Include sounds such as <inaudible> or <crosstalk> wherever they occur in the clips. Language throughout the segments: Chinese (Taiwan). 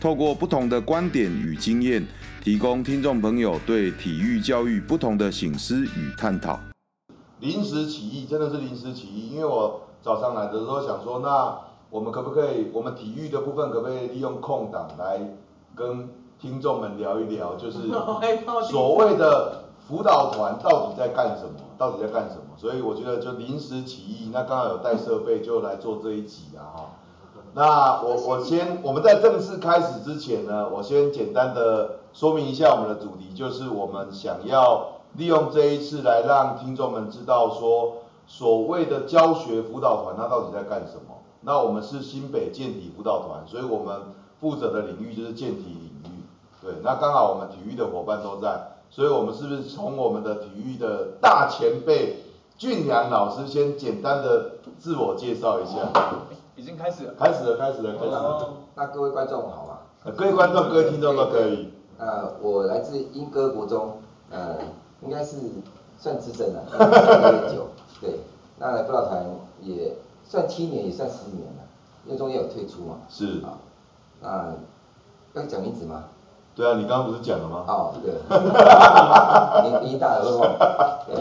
透過不同的觀點與經驗，提供聽眾朋友對體育教育不同的省思與探討。臨時起意真的是臨時起意，因為我早上來的時候想說，那我們可不可以，我們體育的部分可不可以利用空檔來跟聽眾們聊一聊，就是所謂的輔導團到底在幹什麼？到底在幹什麼？所以我覺得就臨時起意，那剛好有帶設備就來做這一集啊。哈。那我我先，我們在正式開始之前呢，我先簡單的說明一下我們的主題，就是我們想要利用這一次來讓聽眾們知道說，所謂的教學輔導團他到底在幹什麼。那我們是新北健體輔導團，所以我們負責的領域就是健體領域。對，那剛好我們體育的夥伴都在，所以我們是不是從我們的體育的大前輩俊良老師先簡單的自我介紹一下？已經開始了，開始了，開始了，開始。那各位觀眾好嗎？啊，各位觀眾、各位聽眾都可以。呃，我來自鶯歌國中，呃，應該是算資深了，有點久。 <laughs> 對，那輔導團也算七年，也算十年了，中間也有退出嘛。是。那要講名字嗎？對啊，你剛剛不是講了嗎？哦，對。哈哈哈哈哈！大二號。 <laughs> 對。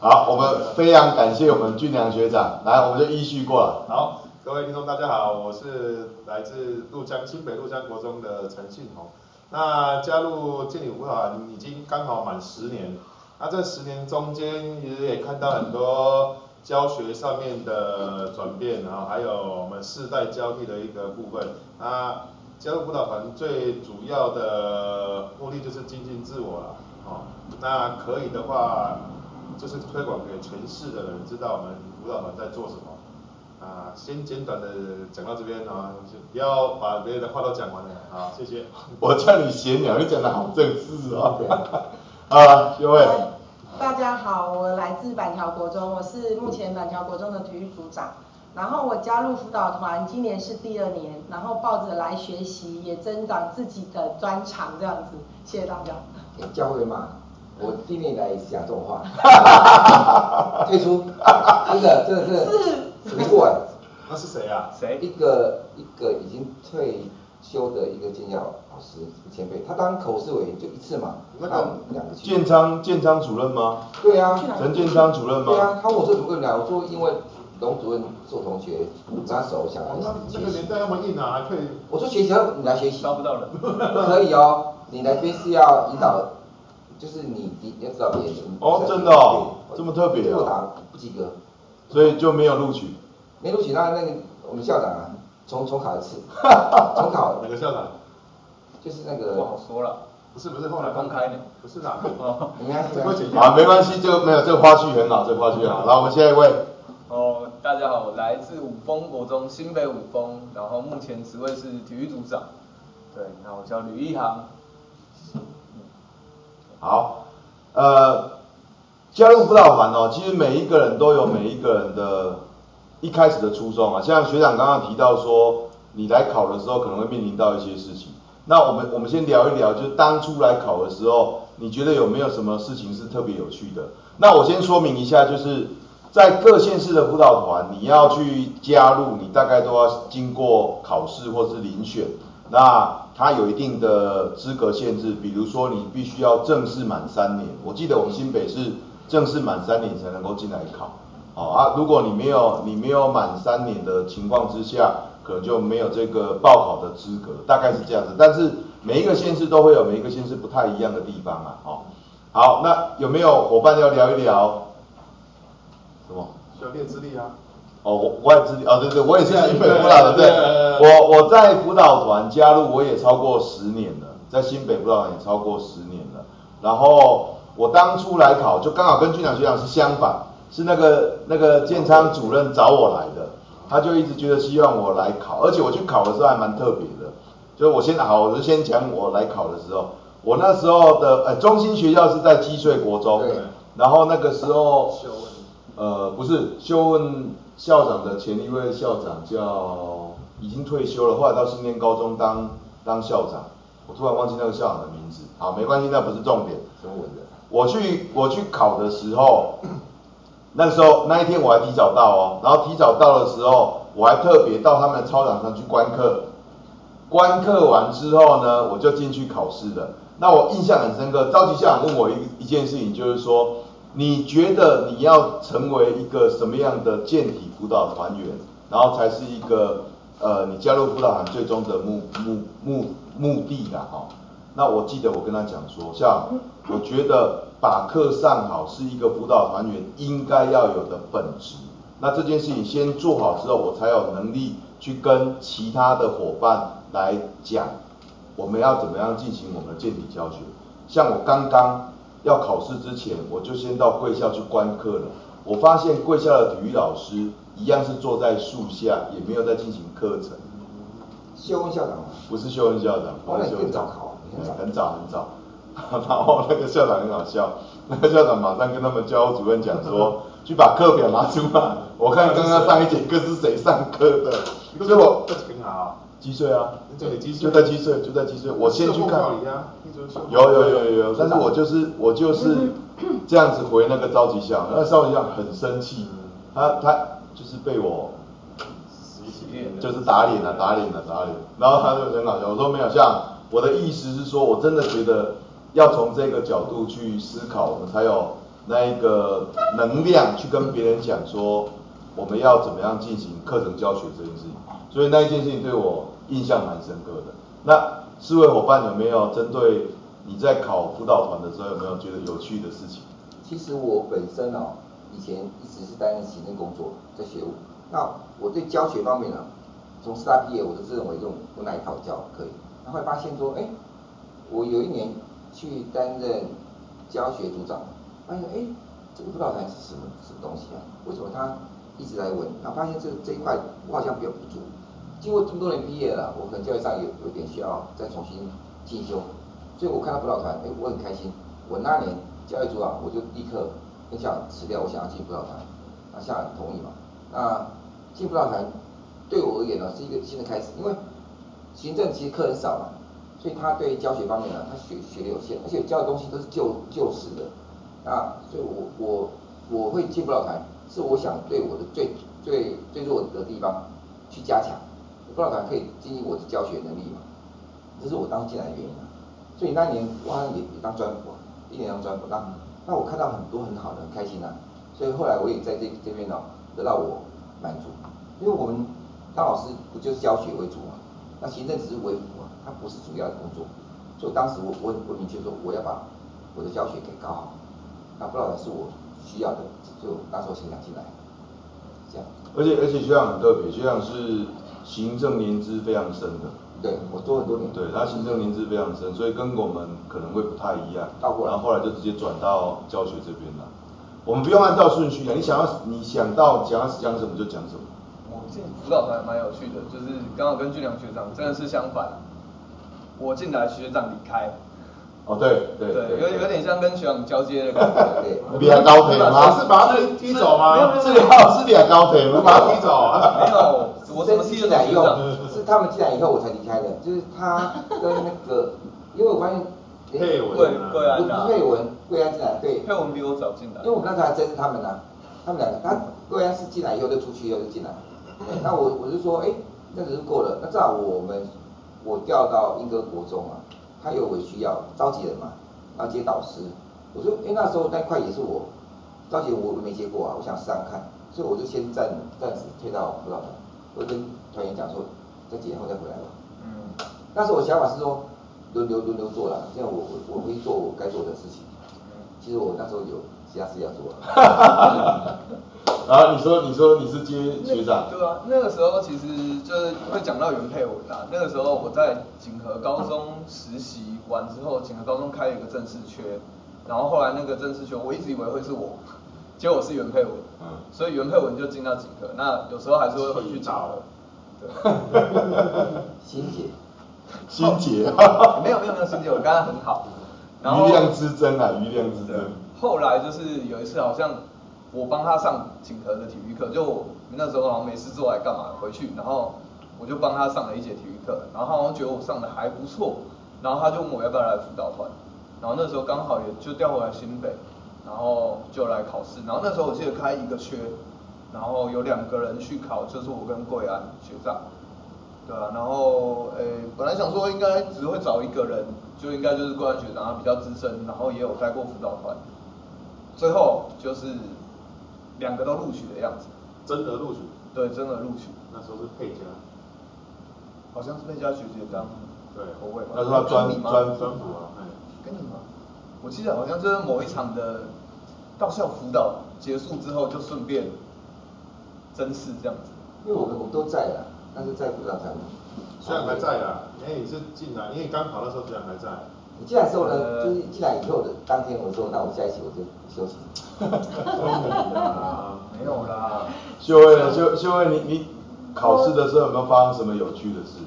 好，我們非常感謝我們俊良學長，來我們就依序過了。好。各位聽眾，大家好，我是來自鷺江新北鷺江國中的陳信宏。那加入健體輔導團已經剛好滿十年，那這十年中間也也看到很多教學上面的轉變，然後還有我們世代交替的一個部分。那加入輔導團最主要的目的就是精進自我了，哦，那可以的話就是推廣給全市的人知道我們輔導團在做什麼。啊，先簡短的講到這邊啊，不要把別人的話都講完了，好、啊，謝謝。我叫你閒聊，你講得好正式啊。好，各、啊、位。Hi, 大家好，我來自板橋國中，我是目前板橋國中的體育組長。然後我加入輔導團，今年是第二年，然後抱着來學習，也增長自己的專長這樣子。謝謝大家。欸、教會嘛，對我今年來講這種話。退出。真的， <laughs> 真的是。誰過來？那是誰啊？誰？一個一個已經退休的一個健教老師前輩，他當口試委員就一次嘛。那個兩個建昌建昌主任嗎？對啊。陳建昌主任嗎？任嗎對啊。他問我是主任來，我說因為龍主任做同學，我他手下。我們那個年代那麼硬啊，還可以。我說學習，要你來學習。找不到了。 <laughs> 可以哦，你來這邊是要引導，嗯、就是你你要知道別人。哦，真的哦，這麼特別、哦。給打不及格。所以就沒有錄取，沒錄取，那那個我們校長啊，重重考一次，重 <laughs> 考哪個校長？就是那個不好說了，不是不是，後來公開的，不是啦，你看， <laughs> <laughs> 啊， <laughs> 沒關係，就沒有這個花絮很，這花好這個花絮好，來，我們下一位，哦，大家好，我來自五峰國中新北五峰，然後目前職位是體育組長，對，然後我叫呂亦航，嗯、好，呃。加入輔導團哦，其實每一個人都有每一個人的一開始的初衷啊。像學長剛剛提到說，你來考的時候可能會面臨到一些事情。那我們我們先聊一聊，就當初來考的時候，你覺得有沒有什麼事情是特別有趣的？那我先說明一下，就是在各縣市的輔導團，你要去加入，你大概都要經過考試或者是遴選。那它有一定的資格限制，比如說你必須要正式滿三年。我記得我們新北市。正式滿三年才能夠進來考，好、哦、啊，如果你沒有你沒有滿三年的情況之下，可能就沒有這個報考的資格，大概是這樣子。但是每一個縣市都會有，每一個縣市不太一樣的地方啊，哦、好，那有沒有夥伴要聊一聊？什麼？需要練資歷啊哦？哦，我資歷，哦對對，我也是在新北輔導的，對，我我在輔導團加入我也超過十年了，在新北輔導團也超過十年了，然後。我當初來考，就剛好跟俊良學長是相反，是那個那個建昌主任找我來的，他就一直覺得希望我來考，而且我去考的時候還蠻特別的，就是我先好，我就先講我來考的時候，我那時候的呃、欸、中心學校是在積穗國中，對，然後那個時候，呃不是秀文校長的前一位校長叫已經退休了，後來到新店高中當當校長，我突然忘記那個校長的名字，好沒關係，那不是重點。我去我去考的時候，那時候那一天我還提早到哦、喔，然後提早到的時候，我還特別到他們的操場上去觀課，觀課完之後呢，我就進去考試了。那我印象很深刻，召集校長問我一一件事情，就是說，你覺得你要成為一個什麼樣的健體輔導團員，然後才是一個呃，你加入輔導團最終的目目目目的的哈、喔。那我記得我跟他講說，像我覺得把課上好是一個輔導團員應該要有的本職。那這件事情先做好之後，我才有能力去跟其他的夥伴來講，我們要怎麼樣進行我們的健體教學。像我剛剛要考試之前，我就先到貴校去觀課了。我發現貴校的體育老師一樣是坐在樹下，也沒有在進行課程。秀恩校，校長？不是秀恩校長，王校長很早很早，然後那個校長很好笑，那個校長馬上跟他們教務主任講說，去把課表拿出來，我看剛剛上一節課是誰上課的。所以，我這挺好。幾歲啊？就在幾歲，就在幾歲。我先去看。有有有有有，但是我就是我就是這樣子回那個召集校，那個召集校很生氣，他他就是被我，就是打臉了，打臉了，打臉。然後他就很好笑，我說沒有像。我的意思是說，我真的覺得要從這個角度去思考，我們才有那一個能量去跟別人講說，我們要怎麼樣進行課程教學這件事情。所以那一件事情對我印象蠻深刻的。那四位夥伴有沒有針對你在考輔導團的時候有沒有覺得有趣的事情？其實我本身啊，以前一直是擔任行政工作，在學務。那我對教學方面呢、啊，從師大畢業，我都是認為這種不耐考教可以。他會發現說，哎，我有一年去擔任教學組長，發現哎，這個輔導團是什麼什麼東西啊？為什麼他一直在問？那發現這這一塊我好像比較不足，經過這麼多年畢業了，我可能教育上有有點需要再重新進修，所以我看到輔導團，哎，我很開心。我那年教育組長，我就立刻很想辭掉，我想要進輔導團。那校長同意嘛？那進輔導團對我而言呢，是一個新的開始，因為。行政其實課很少嘛，所以他對教學方面呢，他學學的有限，而且教的東西都是舊舊式的啊，所以我我我會進輔導團，是我想對我的最最最弱的地方去加強，輔導團可以經營我的教學能力嘛，這是我當時進來的原因啊，所以那一年我好像也也當專輔，一年當專輔，當那，那我看到很多很好的，很開心啊，所以後來我也在這這邊呢、喔、得到我滿足，因為我們當老師不就是教學為主嘛。那行政只是維護，他不是主要的工作。所以當時我我我明確說，我要把我的教學給搞好。那不知道是我需要的，就那時候請他進來，這樣。而且而且學校很特別，學校是行政年資非常深的。對，我做很多年。對，他行政年資非常深，所以跟我們可能會不太一樣。到過然後後來就直接轉到教學這邊了。我們不用按照順序，你想要你想到想要講什麼就講什麼。我進輔導團蠻有趣的，就是剛好跟俊良學長真的是相反，我進來學長離開。哦，對對。對，有點有點像跟學長交接的感覺。比較高腿嗎？是把他踢走嗎？是是比較高腿，不是把他踢走。沒有，我是進來用，是他們進來以後我才離開的。就是他跟那個，因為我發現，佩文，對，佩文，桂安進來，對，佩文比我早進來，因為我們那時候還真是他們啊，他們兩個，他桂安是進來以後就出去，以後就進來。那我我就說，哎、欸，這樣子就夠了。那這樣我們，我調到鶯歌國中啊，他又回去要召集人嘛，要接導師。我說，哎、欸，那時候那塊也是我召集人，我沒接過啊，我想試看看，所以我就先暫暫時退到輔導員，我跟團員講說，這幾年後再回來吧。嗯。那時候我想法是說，輪流輪流做了，這樣我我我會做我該做的事情。嗯。其實我那時候有。嘉世亞組啊， <laughs> <laughs> 然後你說你說你是接學長，對啊，那個時候其實就是會講到袁佩文啦、啊。那個時候我在錦和高中實習完之後，錦和高中開一個正式缺，然後後來那個正式缺，我一直以為會是我，結果我是袁佩文，嗯、所以袁佩文就進到錦和，那有時候還是會回去找的，心結心結沒有沒有沒有心結，我剛剛很好，然後瑜亮之爭啊，瑜亮之爭。後來就是有一次，好像我幫他上錦和的體育課，就我那時候好像沒事做來幹嘛，回去，然後我就幫他上了一節體育課，然後他好像覺得我上的還不錯，然後他就問我要不要來輔導團，然後那時候剛好也就調回來新北，然後就來考試，然後那時候我記得開一個缺，然後有兩個人去考，就是我跟貴安學長，對啊，然後誒、欸，本來想說應該只會找一個人，就應該就是貴安學長，他比較資深，然後也有帶過輔導團。最後就是兩個都錄取的樣子。真的錄取？對，真的錄取。那時候是佩嘉。好像是佩嘉學姐當後吧，對後衛。那時候他專專專服啊，哎，跟你嗎？我記得好像是某一場的，到校輔導結束之後就順便甄試，這樣子。因為我們我都在啊，但是在輔導在嗎？雖然還在啊，哎，你是進來，因為剛跑那時候居然還在。你進來之後呢，然是呃、就是進來以後的當天，我說，那我下一起我就休息。沒有啦，休會了，休你你考試的時候有沒有發生什麼有趣的事？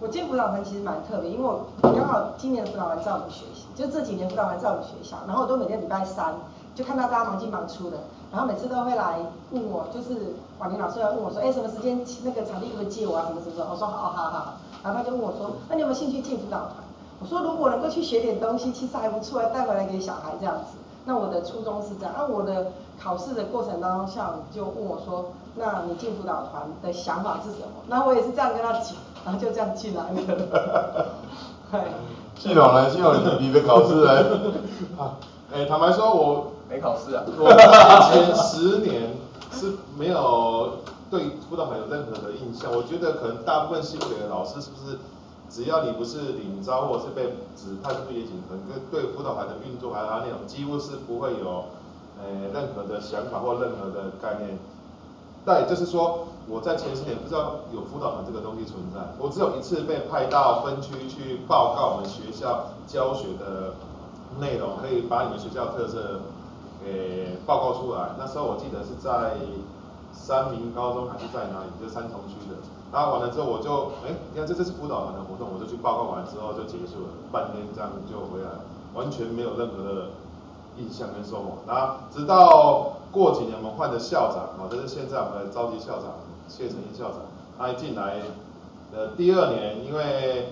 我進輔導團其實蠻特別，因為我剛好今年輔導團在我們學校，就這幾年輔導團在我們學校，然後我都每天禮拜三就看到大家忙進忙出的，然後每次都會來問我，就是往年老師來問我說，哎、欸，什麼時間那個場地可以借我啊，什麼什麼？我說好，好，好，好。然後他就問我說，那你有沒有興趣進輔導團？我說，如果能夠去學點東西，其實還不錯，來帶回來給小孩這樣子。那我的初衷是這樣。那、啊、我的考試的過程當中，校長就問我說：“那你進輔導團的想法是什麼？”那我也是這樣跟他講，然後就這樣進來。的進來，進來，你的考試來？ <laughs> 啊，哎，坦白說，我沒考試啊。 <laughs> 前十年是沒有對輔導團有任何的印象。 <laughs> <laughs> 我覺得可能大部分新北的老師是不是？只要你不是領招或是被指派去執行，整個對輔導團的運作還有他那種，幾乎是不會有誒、欸、任何的想法或任何的概念。但也就是說，我在前十年不知道有輔導團這個東西存在，我只有一次被派到分區去報告我們學校教學的內容，可以把你們學校特色給、欸、報告出來。那時候我記得是在三民高中還是在哪裡，就三重區的。那、啊、完了之後，我就，哎，你看這這是輔導團的活動，我就去報告完之後就結束了，半天這樣就回來了，完全沒有任何的印象跟收穫。那、啊、直到過幾年我們換的校長，哦、啊，就是現在我們的召集校長謝成清校長，他一進來，呃，第二年因為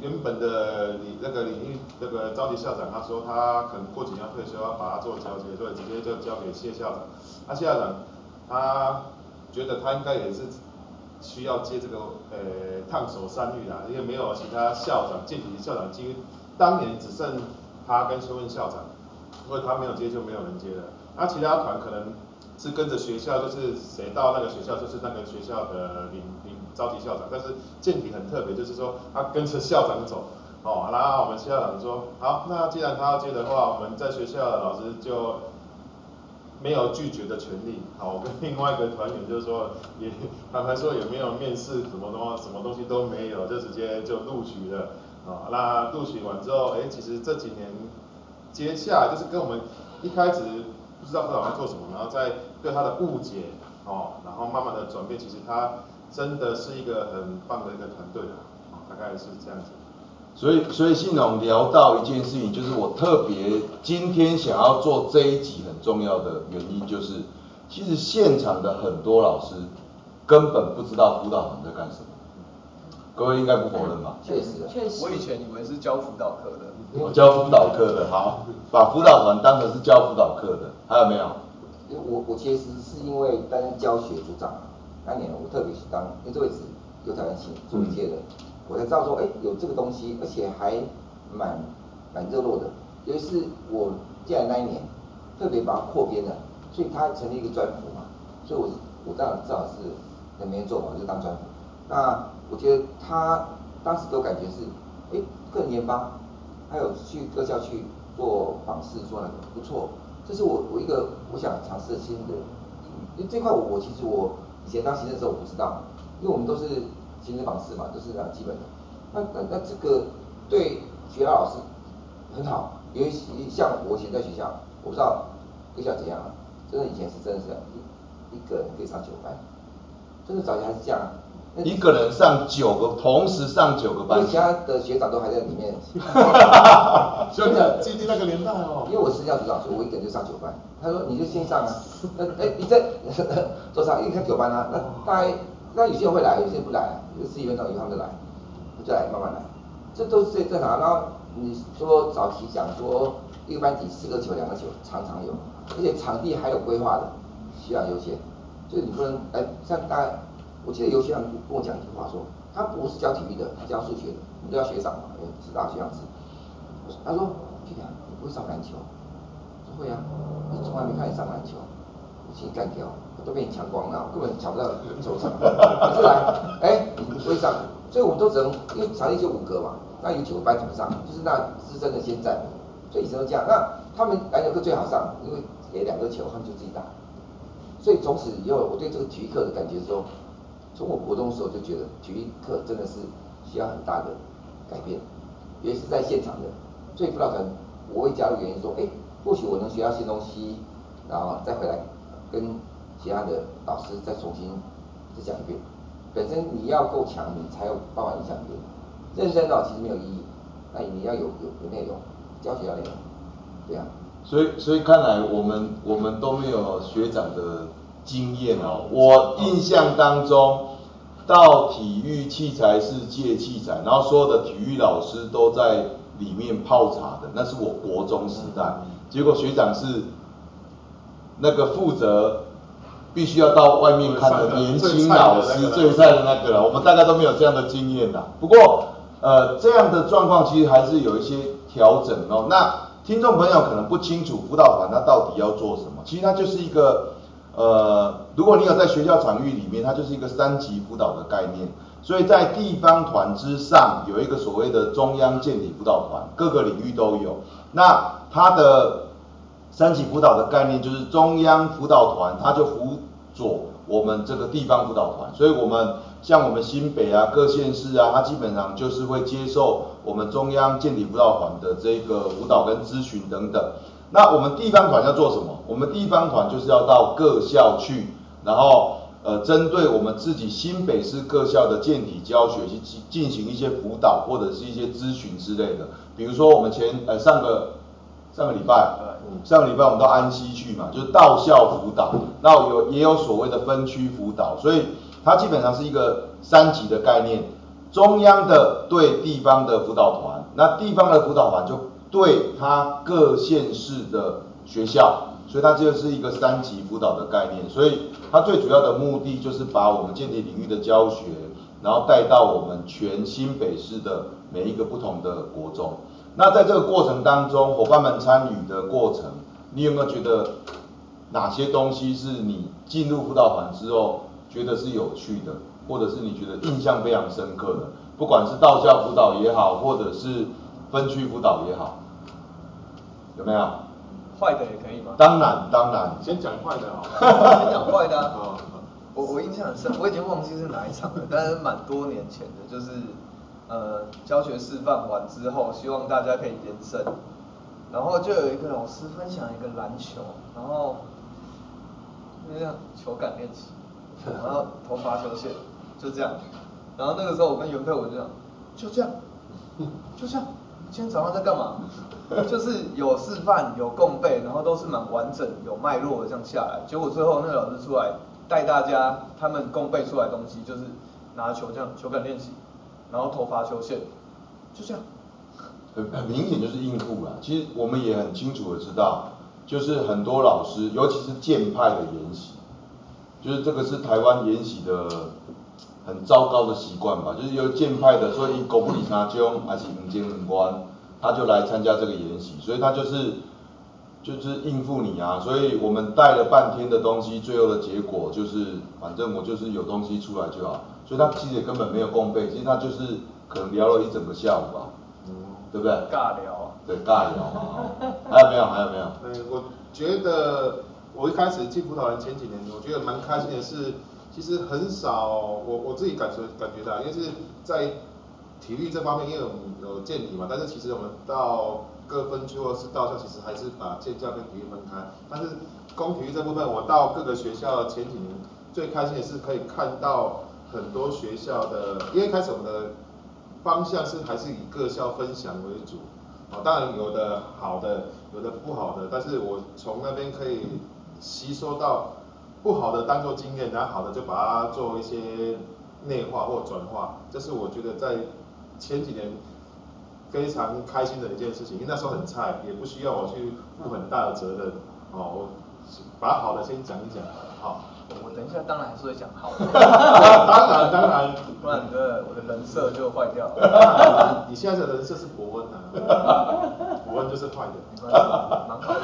原本的李那個領域，那個召集校長，他說他可能過幾年要退休，要把它做交接，所以直接就交給謝校長。那、啊、謝校長，他覺得他應該也是。需要接這個呃、欸、燙手山芋啦，因為沒有其他校長，健體的校長幾乎當年只剩他跟邱鳳校長，因為他沒有接就沒有人接了。那、啊、其他團可能是跟着學校，就是誰到那個學校就是那個學校的領領召集校長，但是健體很特別，就是說他、啊、跟着校長走。哦，然後我們校長說，好，那既然他要接的話，我們在學校的老師就。沒有拒絕的權利。好，我跟另外一個團員就是說，也他還說也沒有面試什麼的，什麼東西都沒有，就直接就錄取了。啊、哦，那錄取完之後，哎，其實這幾年接下來就是跟我們一開始不知道他打算做什麼，然後在對他的誤解，哦，然後慢慢的轉變，其實他真的是一個很棒的一個團隊了、哦。大概是這樣子。所以，所以信宏聊到一件事情，就是我特別今天想要做這一集很重要的原因，就是其實現場的很多老師根本不知道輔導團在幹什麼，各位應該不否認吧？確實，確實。我以前以為是教輔導課的，我、哦、教輔導課的，好，把輔導團當成是教輔導課的。還有沒有？我我其實是因為當教學組長，當年我特別是當，因為這位置又在灣請做一屆的。嗯我才知道說，哎、欸，有這個東西，而且還蠻蠻熱絡的。有一次我進來那一年，特別把它擴編了，所以它成立一個專輔嘛，所以我我當然知道是能每天做嘛，就當專輔。那我覺得他當時給我感覺是，哎、欸，個人研發，還有去各校去做訪視，做那個不錯。這是我我一個我想嘗試新的，因為這塊我我其實我以前當行政的時候我不知道，因為我們都是。健身房是嘛，就是這樣基本的。那那那這個對學校老師很好，尤其像我以前在學校，我不知道學校怎樣啊，真的以前是真的，一一個人可以上九班，真的早期還是這樣。一個人上九個，同時上九個班，我家的學長都還在裡面。哈哈哈哈哈，所以講經歷那個年代哦。因為我是校組長，所以我一個人就上九班。他說你就先上啊，那哎、欸、你在桌 <laughs> 上一個九班啊，那大概那有些人會來，有些人不來、啊。就四年到銀行的來，再來慢慢來，這都是正常。然後你說早期講說一個班級四個球兩個球常常有，而且場地還有規劃的，需要優先。就你不能哎，像大家，我記得有學長跟我講一句話說，他不是教體育的，他教數學的，你都要學長嘛，師大這樣子。他說，學長啊，你不會上籃球。不會啊，你從來沒看你上籃球。先乾掉，我都被你搶光了，根本搶不到球場。你是來，哎、欸，你不會上，所以我們都只能因為場地就五個嘛。那有九個班怎麼上？就是那資深的先上，所以只能這樣。那他們籃球課最好上，因為給兩個球，他們就自己打。所以從此以後，我對這個體育課的感覺說，從我活動的時候就覺得體育課真的是需要很大的改變，也是在現場的。所以不知道可能我會加入原因說，哎、欸，或許我能學到新東西，然後再回來。跟其他的老師再重新再講一遍，本身你要夠強，你才有辦法影響別人。認識多少其實沒有意義，那你要有有有內容，有教學內容，對啊。所以所以看來我們、嗯、我們都沒有學長的經驗哦、喔。我印象當中，嗯、到體育器材室借器材，然後所有的體育老師都在裡面泡茶的，那是我國中時代。嗯、結果學長是。那個負責必須要到外面看的年輕老師，最菜的那個。我們大概都沒有這樣的經驗啦。不過，呃，這樣的狀況其實還是有一些調整哦。那聽眾朋友可能不清楚輔導團它到底要做什麼？其實它就是一個，呃，如果你有在學校場域裡面，它就是一個三級輔導的概念。所以在地方團之上有一個所謂的中央健體輔導團，各個領域都有。那它的。三級輔導的概念，就是中央輔導團，他就輔佐我們這個地方輔導團，所以我們像我們新北啊、各縣市啊，他基本上就是會接受我們中央健體輔導團的這個輔導跟諮詢等等。那我們地方團要做什麼？我們地方團就是要到各校去，然後呃，針對我們自己新北市各校的健體教學去進進行一些輔導或者是一些諮詢之類的。比如說我們前呃上個。上個禮拜，上個禮拜我們到安溪去嘛，就是到校輔導。那有也有所謂的分區輔導，所以它基本上是一個三級的概念：中央的對地方的輔導團，那地方的輔導團就對他各縣市的學校，所以它就是一個三級輔導的概念。所以它最主要的目的就是把我們健體領域的教學，然後帶到我們全新北市的每一個不同的國中。那在這個過程當中，夥伴們參與的過程，你有沒有覺得哪些東西是你進入輔導團之後覺得是有趣的，或者是你覺得印象非常深刻的？不管是到校輔導也好，或者是分區輔導也好，有沒有？壞的也可以嗎？當然當然，當然先講壞的好 <laughs> 先講壞的、啊、我我印象很深，我已經忘記是哪一場了，但是蠻多年前的，就是。呃，教學示範完之後，希望大家可以延伸。然後就有一個老師分享一個籃球，然後就這樣球感練習，然後投罰球線，就這樣。然後那個時候我跟袁佩文就這樣，就這樣，就這樣，就這樣。今天早上在幹嘛？就是有示範，有共備，然後都是蠻完整，有脈絡的這樣下來。結果最後那個老師出來帶大家，大家他們共備出來的東西就是拿球這樣球感練習。然後頭髮修線，就這樣，很很、呃、明顯就是應付啦。其實我們也很清楚的知道，就是很多老師，尤其是薦派的研習，就是這個是台灣研習的很糟糕的習慣吧。就是有薦派的，所以狗不理拿姜還是民間人關，他就來參加這個研習，所以他就是就是應付你啊。所以我們帶了半天的東西，最後的結果就是，反正我就是有東西出來就好。所以他其實也根本沒有共備，其實他就是可能聊了一整個下午吧，嗯、對不對？尬聊對，尬聊啊！ <laughs> 還有沒有？還有沒有？嗯、欸，我覺得我一開始進輔導團前幾年，我覺得蠻開心的是，其實很少我我自己感覺感覺到，因為是在體育這方面，因為我們有健體嘛，但是其實我們到各分區或是到校，其實還是把健教跟體育分開。但是公體育這部分，我到各個學校前幾年最開心的是可以看到。很多學校的，因為開始我們的方向是還是以各校分享為主，啊、哦，當然有的好的，有的不好的，但是我從那邊可以吸收到不好的當做經驗，然後好的就把它做一些內化或轉化，這，就是我覺得在前幾年非常開心的一件事情，因為那時候很菜，也不需要我去負很大的責任，哦，我把好的先講一講，哈、哦。我等一下當然還是會講好的。當然當然，不然哥我的人設就壞掉了。 <laughs> 你現在的人設是博文啊， <laughs> 博文就是壞的，沒關係，蠻好的。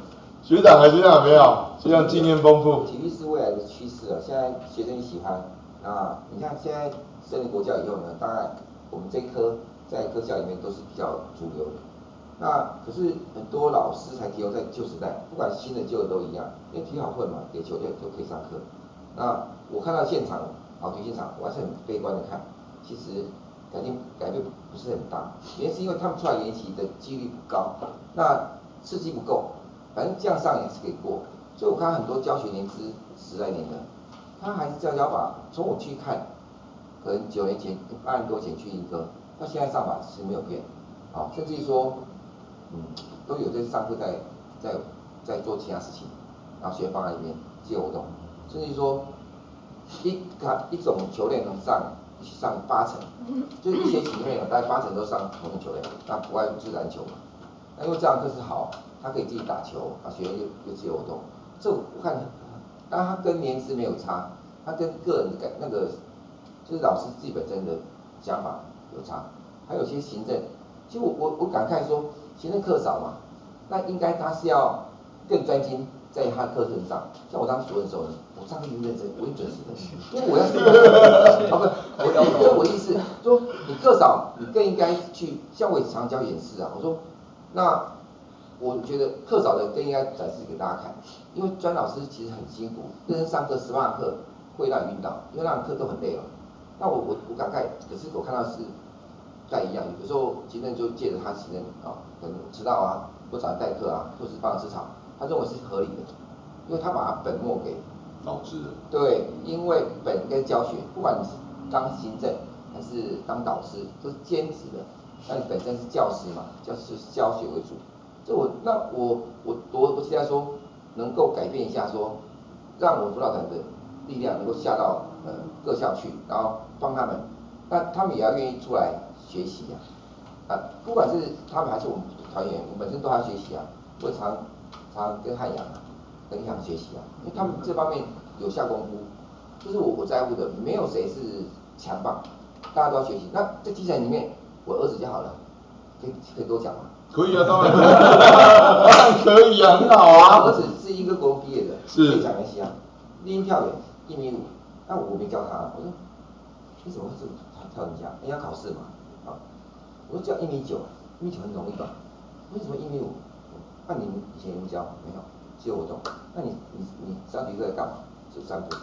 <laughs> 學長還是學長，沒有，學長經驗豐富。體育是未來的趨勢啊，現在學生喜歡啊。你看現在設立國教以後呢，當然我們這一科在科教裡面都是比較主流的。那可是很多老師才停留在舊時代，不管新的舊的都一樣，也挺好混嘛，給球隊就可以上課。那我看到現場，跑題現場，我還是很悲觀的看，其實改變改變不是很大，原因是因為他們出來演習的幾率不高，那刺激不夠，反正這樣上也是可以過。所以我看很多教學年資十來年的，他還是教教法。從我去看，可能九年前八年多前去一科，他現在上法是沒有變，啊，甚至於說。嗯，都有這上在上課，在在在做其他事情，然後學員放在裡面自由活動，甚至說一看一種球類能上上八成，就一些體育有，的，大概八成都上普通球類，那不外就是籃球嘛。那因為這樣課是好，他可以自己打球，啊學員又又自由活動，這我，我看，但他跟年資沒有差，他跟個人的感那個就是老師自己本身的想法有差，還有一些行政，其實我我，我感慨說。行政課少嘛，那應該他是要更專心在他的課程上。像我當主任的時候，我上課認真，我也準時的。因為我要是，啊，不是，我我，因為我意思說，你課少，你更應該去校委常教演示啊。我說，那我覺得課少的更應該展示給大家看，因為專老師其實很辛苦，認真上課十八課會讓你暈倒，因為那課都很累了。那我我我感慨，可是我看到的是。不太一樣，有時候今天行政就借着他時間啊，可能遲到啊，或者代課啊，或者是幫市場，他認為是合理的，因為他把本末給導致的，對，因為本該教學，不管是當行政還是當導師，都是兼職的。那你本身是教師嘛，教師就是教學為主。這我那我我我我現在說，能夠改變一下說，讓我輔導團的力量能夠下到呃各校去，然後幫他們，那他們也要願意出來。學習呀、啊，啊、呃，不管是他們還是我們團員，我們本身都要學習啊。我常常跟漢陽很想學習啊，因為他們這方面有下功夫。這是我不在乎的，沒有誰是強棒，大家都要學習。那在基層裡面，我兒子就好了，可以可以多講嗎？可以啊，當然、 <laughs> 啊、可以啊，很好 <laughs> 啊。我兒子是一個國中畢業的，是可以講一下啊。立定跳遠一米五，那我沒教他，我說你怎麼是跳人家？因為要考試嘛。我說叫一米九，一米九很容易吧？為什麼一米五？那你以前有教沒有？只有我懂。那你、你、你上體育課在幹嘛？就散步。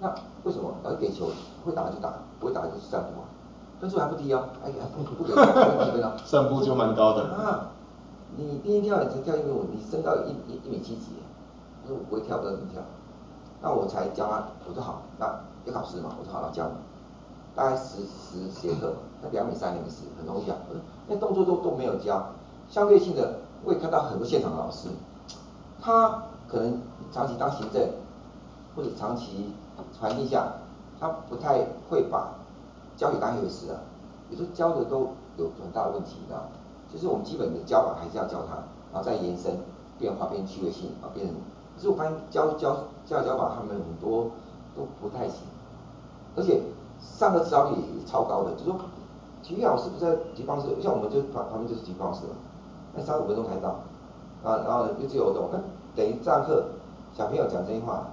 那為什麼老師給球？會打就打，不會打就散步啊？分數還不低啊、哦，還還不給幾分散步就蠻高的。啊，你第一天、啊、只跳已經跳一米五，你升到一、一、一米七幾，我不會跳不到你跳。那我才教、啊，我說好，那要考試嘛，我說好，那教你。大概十十節課兩米三兩米四，很容易啊。那動作都都沒有教，相對性的我也看到很多現場的老師，他可能長期當行政或者長期環境下，他不太會把教學當一回事啊。有時候教的都有很大的問題的，啊，就是我們基本的教法還是要教他，然後再延伸變化，變趣味性啊，變成。其實我發現教教教教法他們很多都不太行，而且。上課效率超高的，就是說體育老師不在體育方室，像我們就旁旁邊就是體育式室，那三五分鐘才到，啊，然後一直有活動。那等於上課小朋友講真心話，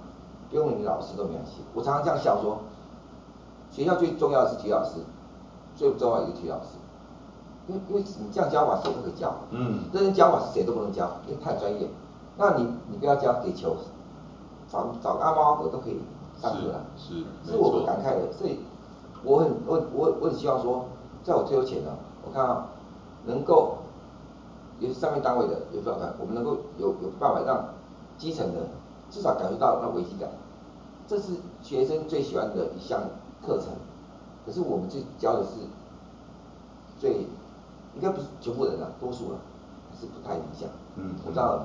不用你老師都沒關係。我常常這樣笑說，學校最重要的是體育老師，最不重要的一個體育老師，因為因為你這樣教法誰都可以教，嗯，這種教法誰都不能教，因為太專業。那你你不要教給球，找找個阿貓阿狗都可以上課了，是是是我不感慨的，所以。我很我我我很希望說，在我退休前呢、啊，我看啊，能夠，也是上面單位的也不要看，我們能夠有有辦法讓基層的至少感受到那危機感，這是學生最喜歡的一項課程，可是我們最教的是最應該不是全部人啦、啊，多數啦、啊、還是不太理想，嗯。嗯。我知道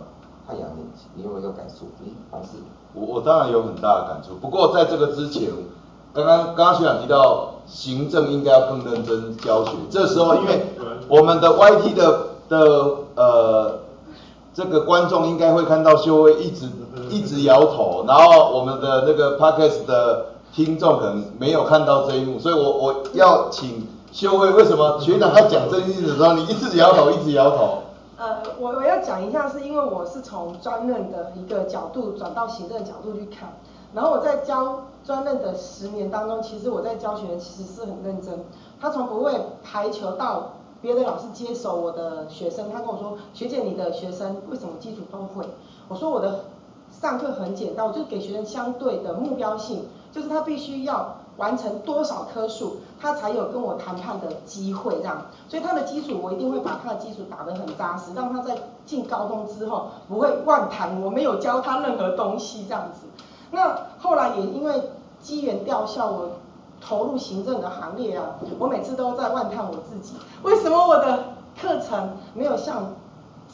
亦航你你有沒有感觸？你，是。我我當然有很大的感觸，不過在這個之前。 <laughs> 剛剛剛剛學長提到行政應該要更認真教學，這時候因為我們的 YT 的的呃這個觀眾應該會看到琇惠一直一直搖頭，然後我們的那個 Podcast 的聽眾可能沒有看到這一幕，所以我我要請琇惠為什麼學長他講這一句的時候你一直搖頭一直搖頭？呃，我我要講一下是因為我是從專任的一個角度轉到行政的角度去看。然後我在教專任的十年當中，其實我在教學生其實是很認真。他從不會排球到別的老師接手我的學生，他跟我說：“學姐，你的學生為什麼基礎都會？”我說：“我的上課很簡單，我就給學生相對的目標性，就是他必須要完成多少顆數，他才有跟我談判的機會這樣。所以他的基礎我一定會把他的基礎打得很紮實，讓他在進高中之後不會亂談。我沒有教他任何東西這樣子。”那後來也因為機緣吊銷我投入行政的行列啊。我每次都在萬探我自己，為什麼我的課程沒有像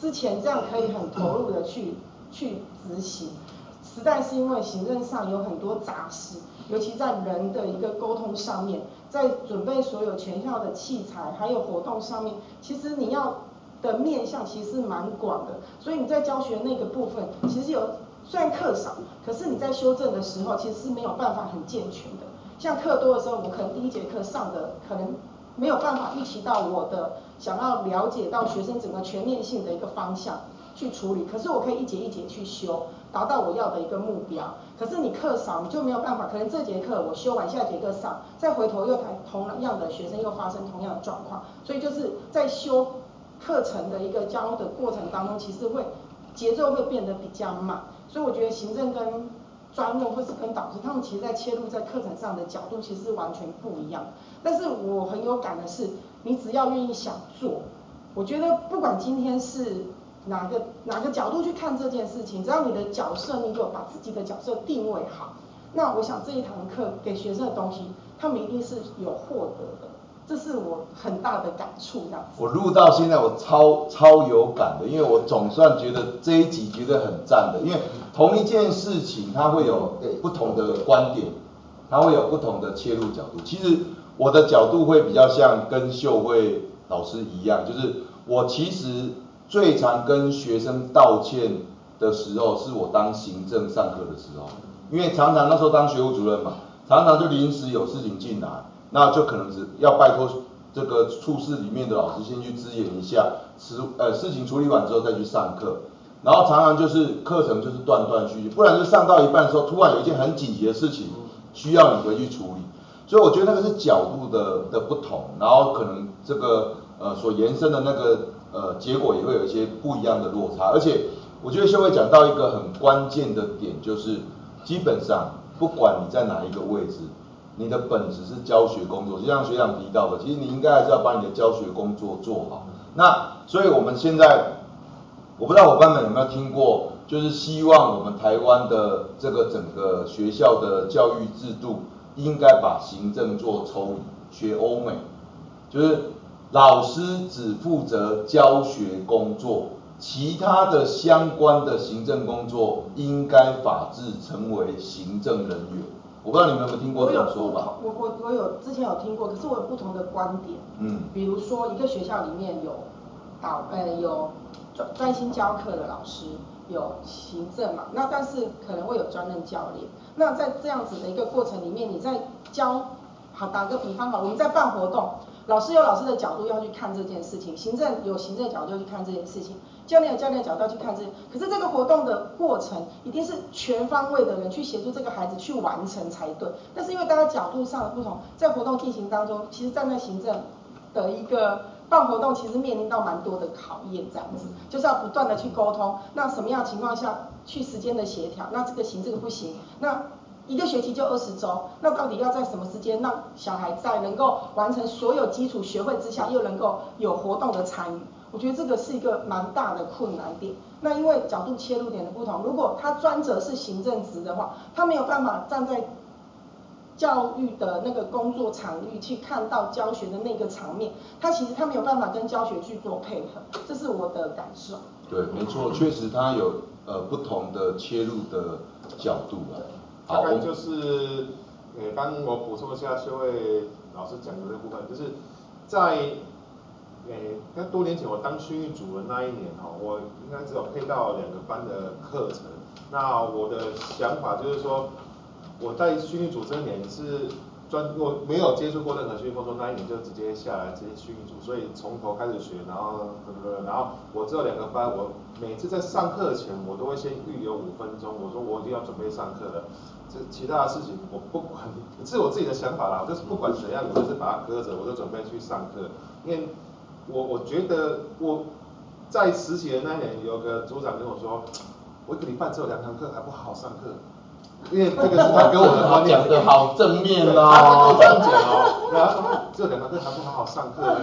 之前這樣可以很投入的去去執行？實在是因為行政上有很多雜事，尤其在人的一個溝通上面，在準備所有全校的器材還有活動上面，其實你要的面向其實蠻廣的。所以你在教學那個部分，其實有。雖然課少，可是你在修正的時候，其實是沒有辦法很健全的。像課多的時候，我可能第一節課上的可能沒有辦法預期到我的想要了解到學生整個全面性的一個方向去處理，可是我可以一節一節去修，達到我要的一個目標。可是你課少，你就沒有辦法，可能這節課我修完，下節課上，再回頭又來同樣的學生又發生同樣的狀況，所以就是在修課程的一個教的過程當中，其實會節奏會變得比較慢。所以我覺得行政跟專任或是跟導師，他們其實在切入在課程上的角度，其實是完全不一樣。但是我很有感的是，你只要願意想做，我覺得不管今天是哪個哪個角度去看這件事情，只要你的角色，你有把自己的角色定位好，那我想這一堂課給學生的東西，他們一定是有獲得的，這是我很大的感觸的。我錄到現在，我超超有感的，因為我總算覺得這一集覺得很讚的，因為。同一件事情，他會有不同的觀點，他會有不同的切入角度。其實我的角度會比較像跟琇惠老師一樣，就是我其實最常跟學生道歉的時候，是我當行政上課的時候，因為常常那時候當學務主任嘛，常常就臨時有事情進來，那就可能只要拜托這個處室裡面的老師先去支援一下，事呃事情處理完之後再去上課。然後常常就是課程就是斷斷續續，不然就上到一半的時候，突然有一件很緊急的事情需要你回去處理。所以我覺得那個是角度的的不同，然後可能這個呃所延伸的那個呃結果也會有一些不一樣的落差。而且我覺得琇惠講到一個很關鍵的點，就是基本上不管你在哪一個位置，你的本職是教學工作，就像學長提到的，其實你應該還是要把你的教學工作做好。那所以我們現在。我不知道夥伴們有沒有聽過，就是希望我們台灣的這個整個學校的教育制度，應該把行政做抽離，學歐美，就是老師只負責教學工作，其他的相關的行政工作應該法制成為行政人員。我不知道你們有沒有聽過這種說法。我我我有，我我有之前有聽過，可是我有不同的觀點。嗯。比如說一個學校裡面有導呃、嗯、有。專專心教課的老師有行政嘛？那但是可能會有專任教練。那在這樣子的一個過程裡面，你在教，好，打個比方吧，我們在辦活動，老師有老師的角度要去看這件事情，行政有行政角度要去看這件事情，教練有教練的角度要去看這件事情，可是這個活動的過程一定是全方位的人去協助這個孩子去完成才對。但是因為大家角度上的不同，在活動進行當中，其實站在行政的一個。辦活動其實面臨到蠻多的考驗，這樣子就是要不斷的去溝通。那什麼樣情況下去時間的協調？那這個行，這個不行。那一個學期就二十週，那到底要在什麼時間讓小孩在能夠完成所有基礎學會之下，又能夠有活動的參與？我覺得這個是一個蠻大的困難點。那因為角度切入點的不同，如果他專責是行政職的話，他沒有辦法站在。教育的那個工作場域，去看到教學的那個場面，他其實他沒有辦法跟教學去做配合，這是我的感受。對，沒錯，確實他有呃不同的切入的角度啊。嗯、對好大概就是呃，幫、嗯欸、我補充一下，琇惠老師講的這部分，就是在呃，那、欸、多年前我當區域主任那一年哈、哦，我應該只有配到兩個班的課程，那、哦、我的想法就是說。我在訓練組這一年是專，我沒有接觸過任何訓練工作，那一年就直接下來直接訓練組，所以從頭開始學，然後、嗯嗯、然後我這兩個班，我每次在上課前，我都會先預留五分鐘，我說我一定要準備上課的，這其他的事情我不管，這是我自己的想法啦，就是不管怎樣，我就是把它擱着，我就準備去上課，因為我，我我覺得我，在實習的那一年，有個組長跟我說，我一個禮拜只有兩堂課，還不好好上課。 <laughs> 因為這個是他給我的，他、哦、講的好正面哦，這樣講哦。 <laughs> 然後說這兩個課他不好好上課，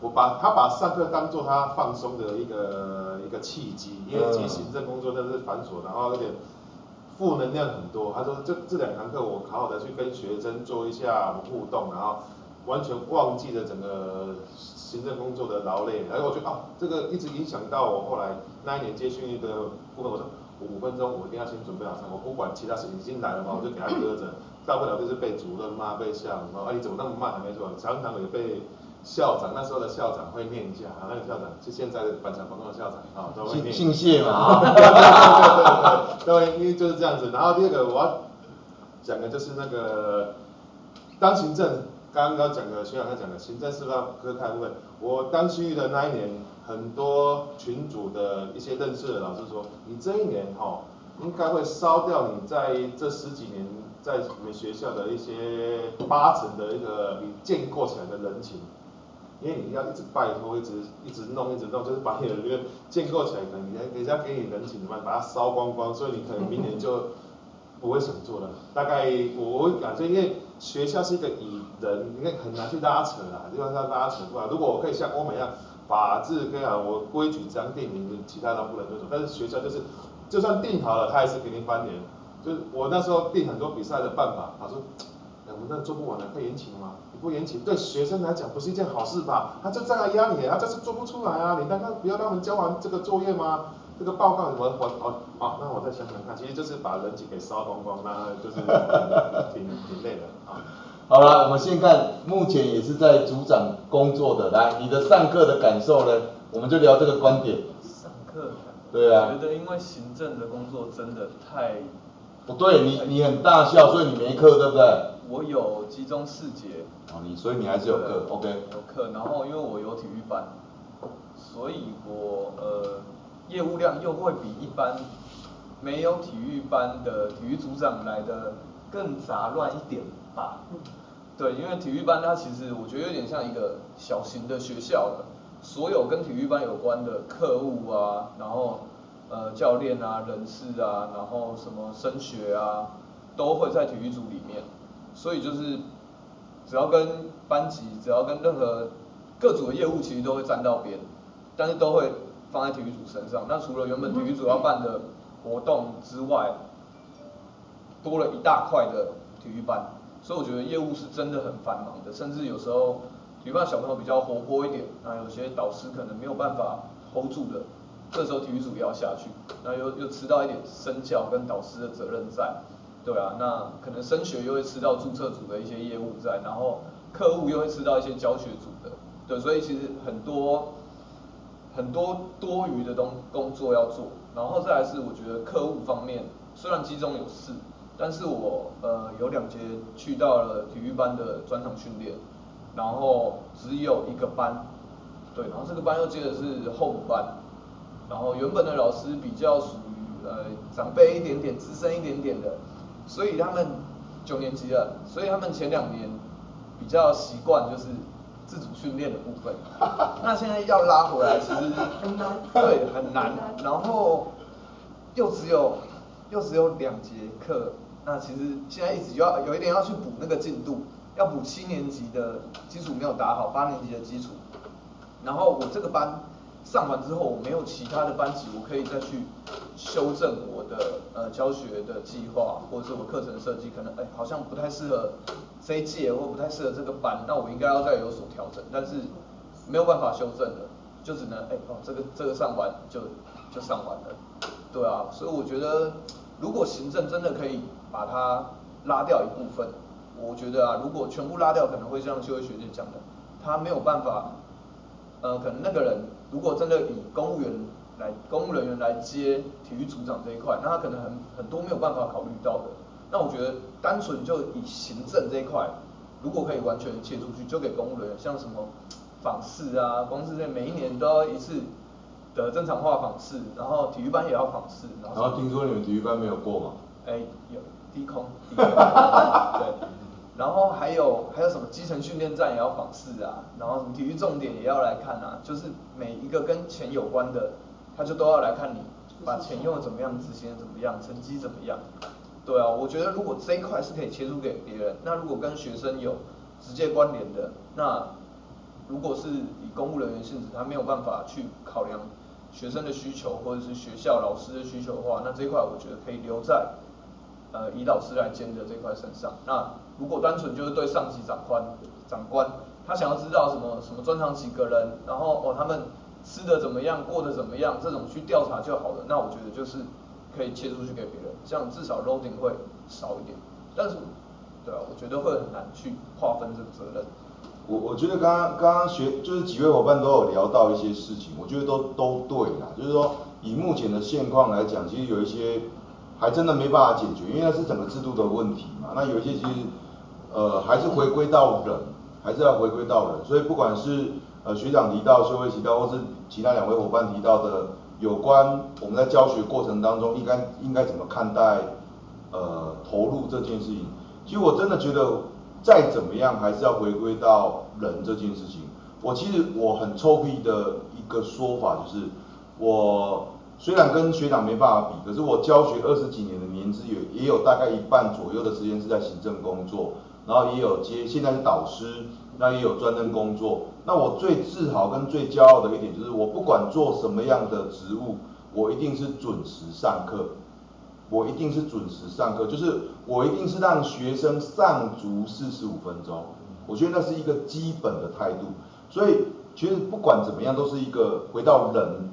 我把他把上課當做他放鬆的一個一個契機，因為其實行政工作真的是繁瑣，然後有點負能量很多。他說這這兩堂課我好好的去跟學生做一下互動，然後完全忘記了整個行政工作的勞累。而且我覺得啊，這個一直影響到我後來那一年接訓練的部分。五分鐘，我一定要先準備好。我不管其他事情已經來了嘛，我就給他擱着，大不了就是被主任罵，被校長。啊，你怎麼那麼慢還沒做，常常會被校長。那時候的校長會念一下，那個校長是現在的板橋高中校長啊，都會念。姓謝嘛？哦、 <laughs> 對對對對，因為就是這樣子。然後第二個我要講的就是那個當行政，剛剛講的徐老師講的行政是不是要割開部分。我當區域的那一年。很多群組的一些認識的老師說，你這一年哈、哦，應該會燒掉你在這十幾年在你們學校的一些八成的一個你建構起來的人情，因為你要一直拜托，一直一直弄，一直弄，就是把你的這個建構起來等給的人情，人家給你人情怎麼樣把它燒光光，所以你可能明年就不會想做了。 <laughs> 大概我會感覺，因為學校是一個以人，你該很難去拉扯啊，又要拉扯啊。如果我可以像歐美一樣。法治跟啊，我規矩這樣定，你們其他人不能遵守。但是學校就是，就算定好了，他還是給你翻臉。就是我那時候定很多比賽的辦法，他說，那、欸、做不完了快嚴謹嘛。你不嚴謹，對學生來講不是一件好事吧？他就這樣壓你，他就是做不出來啊。你剛剛不要讓我們交完這個作業嗎？這個報告有有我我好，好、啊，那我再想想看。其實就是把人情給燒光光、啊，那就是 <laughs> 挺挺累的啊。好了，我們先看目前也是在組長工作的。來，你的上課的感受呢？我們就聊這個觀點。上課感。對啊。我覺得因為行政的工作真的太……不、哦、對，你你很大笑，所以你沒課對不對？我有集中四節。哦，你所以你還是有課、呃，OK。有課，然後因為我有體育班，所以我呃業務量又會比一般沒有體育班的體育組長來的更雜亂一點吧。對，因為體育班它其實我覺得有點像一個小型的學校的，所有跟體育班有關的課務啊，然後呃教練啊、人事啊，然後什麼升學啊，都會在體育組裡面。所以就是只要跟班級，只要跟任何各組的業務，其實都會沾到邊，但是都會放在體育組身上。那除了原本體育組要辦的活動之外，多了一大塊的體育班。所以我覺得業務是真的很繁忙的，甚至有時候，比方小朋友比較活潑一點，那有些導師可能沒有辦法 hold 住的，這時候體育組也要下去，那又又吃到一點生教跟導師的責任在，對啊，那可能升學又會吃到注冊組的一些業務在，然後課務又會吃到一些教學組的，對，所以其實很多很多多餘的東工作要做，然後再來是我覺得課務方面，雖然其中有事。但是我呃有兩節去到了體育班的專場訓練，然後只有一個班，對，然後這個班又接的是後補班，然後原本的老師比較屬於呃長輩一點點、資深一點點的，所以他們九年級了，所以他們前兩年比較習慣就是自主訓練的部分，哈哈，那現在要拉回來其實很難，對，很難，很難，然後又只有。又只有兩節課，那其實現在一直要有一點要去補那個進度，要補七年級的基礎沒有打好，八年級的基礎。然後我這個班上完之後，我沒有其他的班級我可以再去修正我的呃教學的計劃，或者是我課程設計，可能哎、欸、好像不太適合這一屆或者不太適合這個班，那我應該要再有所調整，但是沒有辦法修正的，就只能哎、欸、哦這個這個上完就就上完了，對啊，所以我覺得。如果行政真的可以把它拉掉一部分，我覺得啊，如果全部拉掉，可能會像琇惠學姐講的，他沒有辦法，呃，可能那個人如果真的以公務員來，公務人員來接體育組長這一塊，那他可能很很多沒有辦法考慮到的。那我覺得單純就以行政這一塊，如果可以完全切出去，交給公務人員，像什麼訪視啊，光是這每一年都要一次。的正常化訪視，然後體育班也要訪視，然後，然後聽說你們體育班沒有過嘛？哎、欸，有低空，低空， <laughs> 對，然後還有還有什麼基層訓練站也要訪視啊，然後什麼體育重點也要來看啊，就是每一個跟錢有關的，他就都要來看你把錢用的怎麼樣，執行的怎麼樣，成績怎麼樣，對啊，我覺得如果這一塊是可以切入給別人，那如果跟學生有直接關聯的，那如果是以公務人員性質，他沒有辦法去考量。學生的需求或者是學校老師的需求的話，那這一塊我覺得可以留在呃以老師來兼著這塊身上。那如果單純就是對上級長官長官，他想要知道什麼什麼專長幾個人，然後哦他們吃得怎麼樣，過得怎麼樣，這種去調查就好了。那我覺得就是可以切出去給別人，這樣至少 loading 會少一點。但是對啊，我覺得會很難去劃分這個責任。我我覺得剛剛剛剛學就是幾位夥伴都有聊到一些事情，我覺得都都對啦，就是說以目前的現況來講，其實有一些還真的沒辦法解決，因為那是整個制度的問題嘛。那有一些其實呃還是回歸到人，還是要回歸到人。所以不管是呃學長提到、琇惠提到，或是其他兩位夥伴提到的有關我們在教學過程當中應該應該怎麼看待呃投入這件事情，其實我真的覺得。再怎麼樣，還是要回歸到人這件事情。我其實我很臭屁的一個說法就是，我雖然跟學長沒辦法比，可是我教學二十幾年的年資，有也有大概一半左右的時間是在行政工作，然後也有接現在是導師，那也有專任工作。那我最自豪跟最驕傲的一點就是，我不管做什麼樣的職務，我一定是準時上課。我一定是準時上課，就是我一定是讓學生上足四十五分鐘，我覺得那是一個基本的態度。所以其實不管怎麼樣，都是一個回到人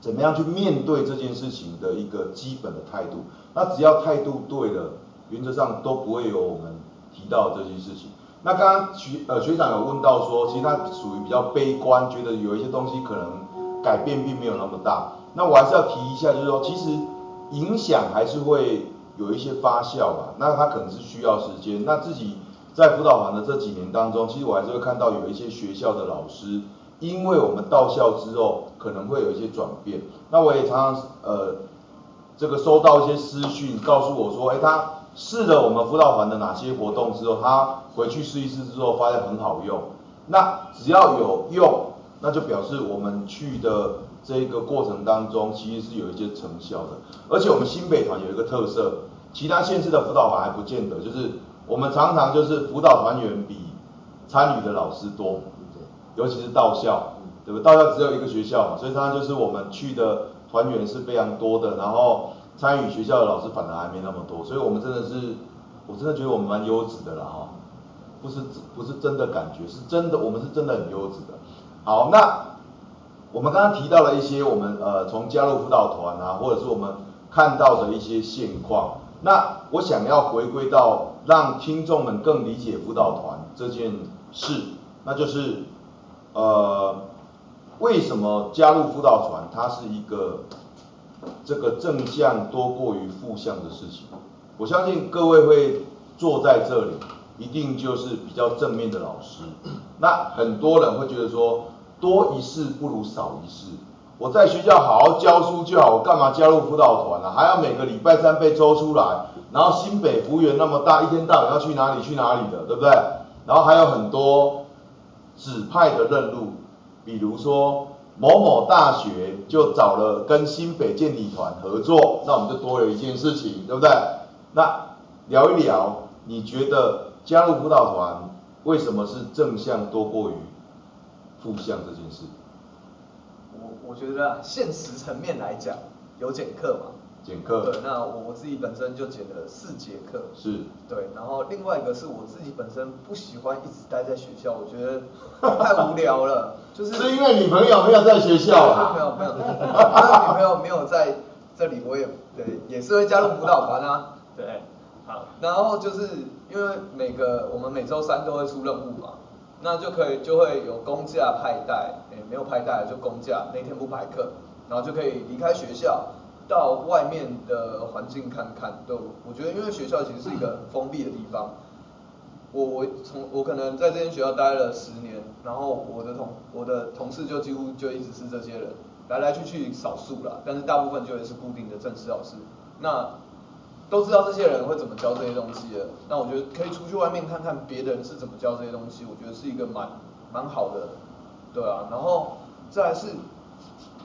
怎麼樣去面對這件事情的一個基本的態度。那只要態度對了，原則上都不會有我們提到的這些事情。那剛剛學呃學長有問到說，其實他屬於比較悲觀，覺得有一些東西可能改變並沒有那麼大。那我還是要提一下，就是說其實。影響還是會有一些發酵吧，那他可能是需要時間。那自己在輔導團的這幾年當中，其實我還是會看到有一些學校的老師，因為我們到校之後可能會有一些轉變。那我也常常呃，這個收到一些私訊，告訴我說，哎、欸，他試了我們輔導團的哪些活動之後，他回去試一試之後，發現很好用。那只要有用，那就表示我們去的。這個過程當中其實是有一些成效的，而且我們新北團有一個特色，其他縣市的輔導團還，還不見得，就是我們常常就是輔導團員比參與的老師多，對對對尤其是到校，對不對？到校只有一個學校嘛，所以他就是我們去的團員是非常多的，然後參與學校的老師反而還沒那麼多，所以我們真的是，我真的覺得我們蠻優質的啦哈，不是不是真的感覺，是真的，我們是真的很優質的。好，那。我們剛剛提到了一些我們呃從加入輔導團啊，或者是我們看到的一些現況。那我想要回歸到讓聽眾們更理解輔導團這件事，那就是呃為什麼加入輔導團它是一個這個正向多過於負向的事情？我相信各位會坐在這裡，一定就是比較正面的老師。那很多人會覺得說。多一事不如少一事。我在學校好好教書就好，我幹嘛加入輔導團呢？還要每個禮拜三被抽出來，然後新北幅員那麼大，一天到晚要去哪裡？去哪裡的，對不對？然後還有很多指派的任務，比如說某某大學就找了跟新北健體團合作，那我們就多了一件事情，對不對？那聊一聊，你覺得加入輔導團為什麼是正向多過於？互相這件事我，我我覺得啊，現實層面來講，有減課嘛，減課課，對，那我自己本身就減了四節課，是，對，然後另外一個是我自己本身不喜歡一直待在學校，我覺得太無聊了， <laughs> 就是、是因為女朋友沒有在學校啊，沒有沒有，哈哈哈女朋友沒有在這裡，我也對，也是會加入輔導團啊。 <laughs> 對，好，然後就是因為每個我們每週三都會出任務嘛。那就可以就會有公假派代，誒、欸、沒有派代就公假，那天不排課，然後就可以離開學校到外面的環境看看，對，我覺得因為學校其實是一個很封閉的地方，我我從我可能在這間學校待了十年，然後我的同我的同事就幾乎就一直是這些人，來來去去少數了，但是大部分就也是固定的正式老師，那。都知道這些人會怎麼教這些東西的，那我覺得可以出去外面看看別的人是怎麼教這些東西，我覺得是一個蠻蠻好的，對啊，然後再來是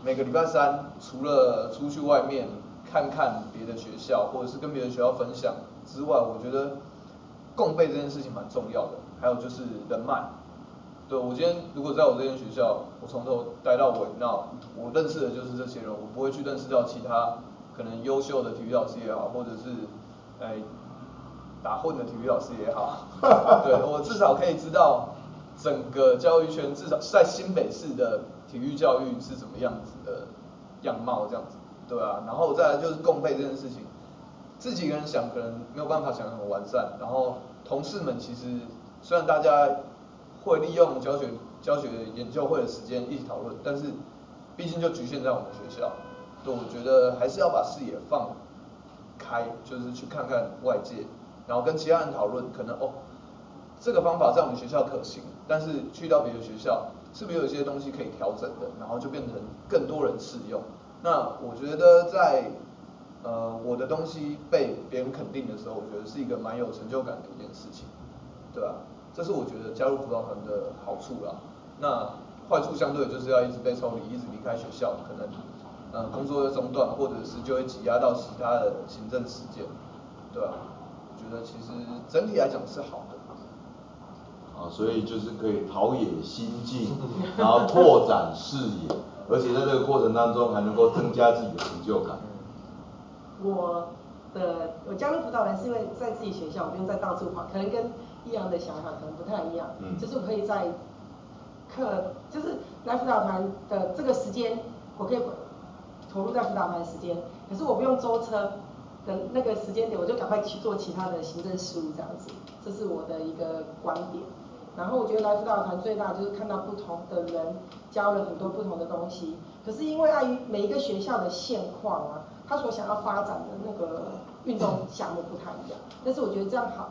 每個禮拜三除了出去外面看看別的學校或者是跟別的學校分享之外，我覺得共備這件事情蠻重要的，還有就是人脈，對我今天如果在我這間學校，我從頭待到尾，那我認識的就是這些人，我不會去認識到其他。可能優秀的體育老師也好，或者是哎、欸、打混的體育老師也好， <laughs> 對，我至少可以知道整個教育圈，至少在新北市的體育教育是怎麼樣子的樣貌這樣子。對啊，然後再來就是共備這件事情，自己一個人想可能沒有辦法想很完善，然後同事們其實雖然大家會利用教學教學研究會的時間一起討論，但是畢竟就侷限在我們學校。對，我覺得還是要把視野放開，就是去看看外界，然後跟其他人討論，可能哦，這個方法在我們學校可行，但是去到別的學校，是不是有一些東西可以調整的，然後就變成更多人適用。那我覺得在呃我的東西被別人肯定的時候，我覺得是一個蠻有成就感的一件事情，對吧？這是我覺得加入輔導團的好處啦。那壞處相對就是要一直被抽離，一直離開學校，可能。呃，工作會中斷，或者是就會擠壓到其他的行政時間，對、啊、我覺得其實整體來講是好的，啊，所以就是可以陶冶心境， <laughs> 然後拓展視野， <laughs> 而且在這個過程當中還能夠增加自己的成就感。我的我加入輔導團是因為在自己學校我不用再到處跑，可能跟亦航的想法可能不太一樣，嗯、就是我可以在課就是來輔導團的這個時間，我可以。投入在輔導團的時間，可是我不用舟車的那個時間點，我就趕快去做其他的行政事務這樣子，這是我的一個觀點。然後我覺得來輔導團最大就是看到不同的人教了很多不同的東西，可是因為礙於每一個學校的現況啊，他所想要發展的那個運動項目不太一樣，但是我覺得這樣好，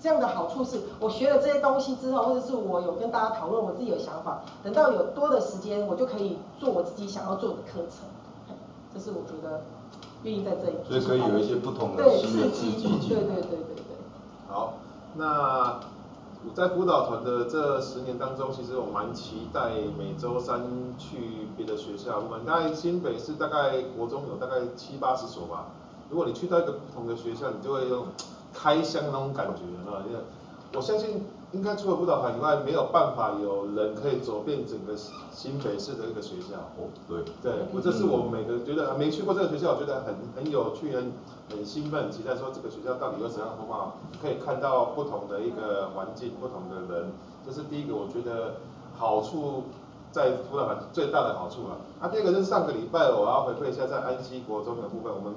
這樣的好處是我學了這些東西之後，或者是我有跟大家討論我自己的想法，等到有多的時間，我就可以做我自己想要做的課程。就是我覺得願意在這裡，所以可以有一些不同的刺激對，對對對對對。對對對好，那在輔導團的這十年當中，其實我蠻期待每周三去別的學校。我們在新北市大概國中有大概七八十所吧。如果你去到一個不同的學校，你就會有開箱那種感覺，啊，因為我相信。應該除了輔導團以外，沒有辦法有人可以走遍整個新北市的一個學校。哦，對，對，我這是我每個覺得沒去過這個學校，我覺得很很有趣，很很興奮，期待說這個學校到底有怎樣的風貌，可以看到不同的一個環境，不同的人，這，就是第一個，我覺得好處在輔導團最大的好處啊。啊，第二個就是上個禮拜我要回饋一下在安溪國中的部分，我們。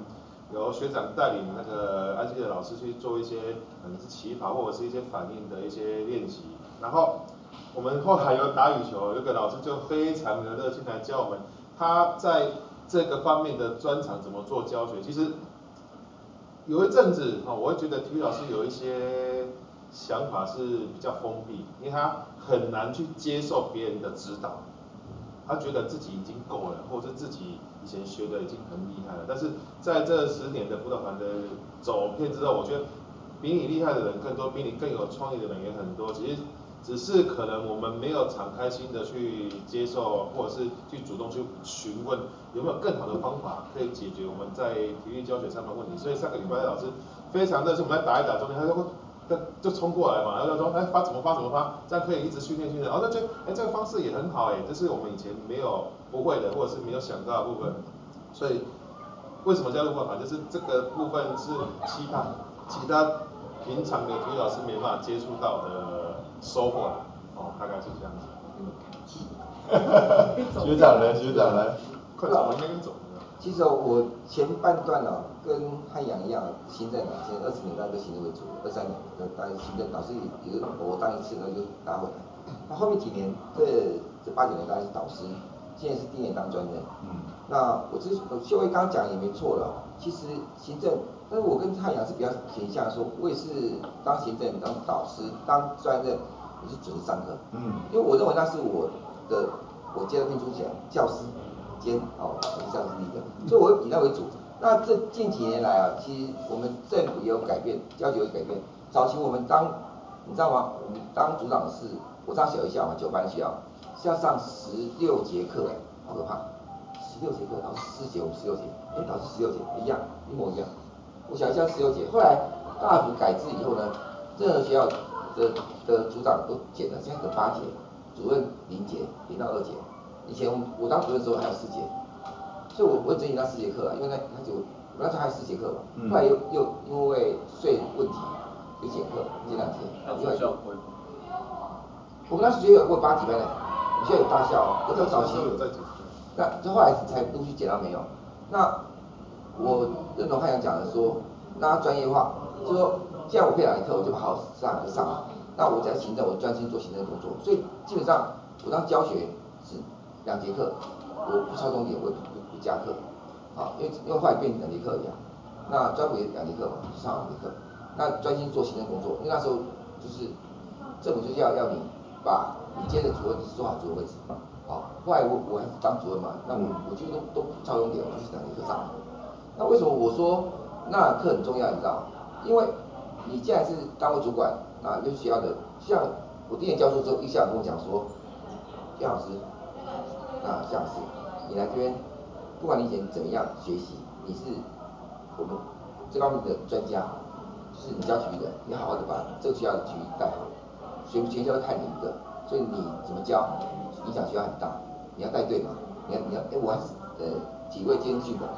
由學長帶領那個安 t 的老師去做一些可能是起跑或者是一些反應的一些練習，然後我們後來有打羽球，有個老師就非常的熱心來教我們，他在這個方面的專長怎麼做教學，其實有一陣子哦，我覺得體育老師有一些想法是比較封閉，因為他很難去接受別人的指導，他覺得自己已經夠了，或者自己。以前學的已經很厲害了，但是在這十年的輔導團的走遍之後，我覺得比你厲害的人更多，比你更有創意的人也很多。其實只是可能我們沒有敞開心的去接受，或者是去主動去詢問有沒有更好的方法可以解決我們在體育教學上面的問題。所以上個禮拜老師非常熱情，我們來打一打中間，他就他就衝過來嘛，然後說哎、欸、發怎麼發怎麼發，這樣可以一直訓練訓練。然後他覺得哎這個方式也很好哎、欸，這是我們以前沒有。不會的，或者是沒有想到的部分，所以為什麼加入方法，就是這個部分是期盼其他平常的體育老師沒辦法接觸到的收、so、獲，哦，大概是這樣子。哈哈哈！學 <laughs> 長來，學長對來，快點往前走。其實我前半段呢，跟漢陽一樣，行政二十年，年大概行政為主，二三年呃當行政導師有我當一次，然後就打回來。那後面幾年，這這八九年大概是導師。現在是第一年當專任，嗯，那我之琇惠剛剛講也沒錯了，其實行政，但是我跟太陽是比較偏向說，我也是當行政當導師當專任，我是九十上課，嗯，因為我認為那是我的我接的聘書講教師兼哦，是教師子一個，所以我以那為主。嗯、那這近幾年來啊，其實我們政府也有改變，教育有改變。早期我們當你知道嗎？我們當組長是，我這樣寫一下嘛，九班學要像上十六節課，好可怕！十六節課，然後四節、五十六節，哎，導致十六節一樣，一模一樣。我想一下十六節，後來大幅改制以後呢，任何學校的的,的組長都減了，現在得八節，主任零節，零到二節。以前我當主任時候還有四節，所以我我整理到四節課啊，因為那他就我那時候還有四節課嘛，後來又又因為稅問題，就減課，減兩節。節節節嗯、我們那時候只有過八點班的。就大笑，就早期，那，就後來才陸續減到沒有。那我認同漢陽講的說，那專業化，就說，既然我配兩節課，嗯、我就把好上就上了。那我講行政，我專心做行政工作。所以基本上，我當教學是兩節課，我不超鐘點，我也不不，不加課，好、啊，因為因為後來變成兩節課一樣。那專補也兩節課嘛，就上兩節課。那專心做行政工作，因為那時候就是政府就是要要你把。你接着主任是做好主任為止，好、哦，後來我我還是當主任嘛，那我我就都都不超用點，我去講一個課，那為什麼我說那課很重要？你知道嗎，因為你既然是單位主管，那一學校的，像我第一年教書之後，一下子跟我講說，葉、嗯、老師，那下次你來這邊，不管你以前怎樣學習，你是我們這方面的專家，就是你教體育的，你好好的把這個學校的體育帶好，全全校都看你一個。所以你怎麼教，影響學校很大。你要帶隊嘛？你要你要，欸、我還是呃幾位兼訓吧。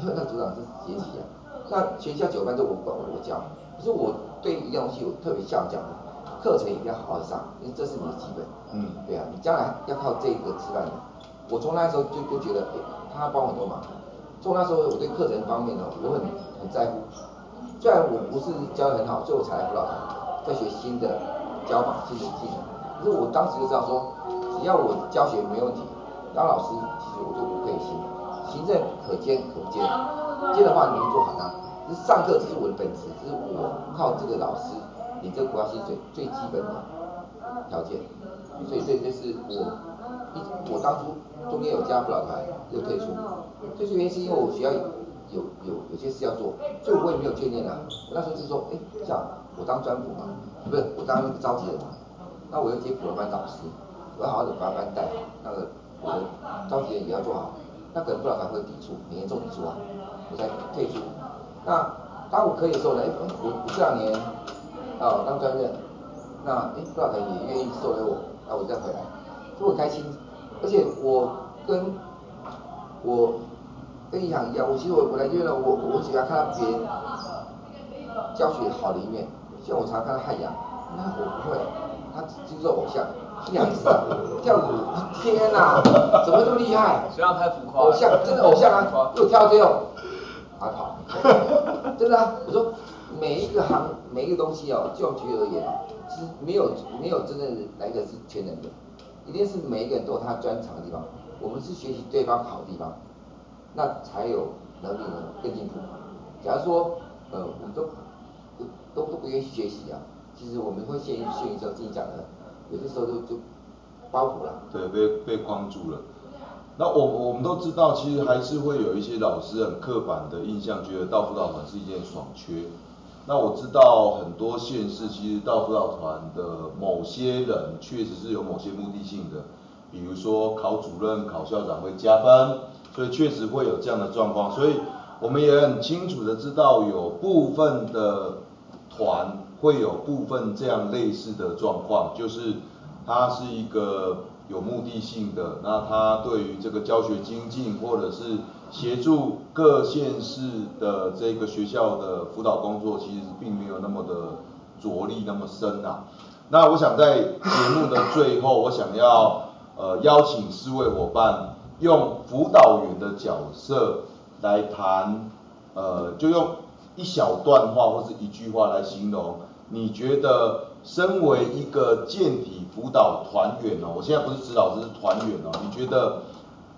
因、哎、為那組長這是學習啊，那全校九班都我管我，我教。可是我對一樣東西我特別強調，課程一定要好好上，因為這是你的基本。嗯，對啊，你將來要靠這個吃飯的。我從那時候就就覺得，欸、他幫我很多忙。從那時候我對課程方面呢、喔，我很很在乎。雖然我不是教得很好，所以我才來輔導他，在學新的教法、新的技能。可是我當時就這樣說，只要我教學沒問題，當老師其實我就不配行。行政可兼可不兼，兼的話你就做好它、啊。就是上課只是我的本職，這是我靠這個老師，領這個國家薪水最最基本的條件。所以這就是我，一我當初中間有加入輔導團，又退出。退出，就是原因是因為我學校有有有有些事要做，所以我，我也沒有眷戀啊。我那時候是說，哎、欸，像我當專輔嘛，不是我當一個召集人嘛。那我要接普通班導師，我要好好的把班帶好，那個我召集人也要做好，那可能杜老師會抵觸，每天重觸啊，我才退出。那當我可以的時候呢、欸，我、啊、我這兩年啊當專任，那誒杜、欸、老師也願意收留我，那、啊、我再回來，就會開心。而且我跟我跟亦航一樣，我其實我本來這邊，我我只要看他別人教學好的一面，像我常，常看他漢陽，那我不會。他就是偶像，練舞跳舞，天啊，怎麼這麼厲害？誰讓他浮誇，偶像真的偶像啊，又跳這種、哦，還好、 <laughs> 啊，真的啊。我說每一個行，每一個東西啊、哦，就學而言，其、就、實、是、沒有沒有真正來的是全能的，一定是每一個人都有他專長的地方。我們是學習對方好的地方，那才有能力呢更進步。假如說呃，我們都我都都，都不願意學習啊。其實我們會限限一些自己講的，有的時候就就包袱了，對，被被框住了。那我我們都知道，其實還是會有一些老師很刻板的印象，覺得到輔導團是一件爽缺。那我知道很多縣市，其實到輔導團的某些人確實是有某些目的性的，比如說考主任、考校長會加分，所以確實會有這樣的狀況。所以我們也很清楚的知道，有部分的團。會有部分這樣類似的狀況，就是他是一個有目的性的，那他對於這個教學精進或者是協助各縣市的這個學校的輔導工作，其實並沒有那麼的着力那麼深吶、啊。那我想在節目的最後，我想要呃邀請四位夥伴用輔導員的角色來談，呃就用一小段話或是一句話來形容。你覺得身為一個健體輔導團員呢？我現在不是指導，這是團員哦。你覺得，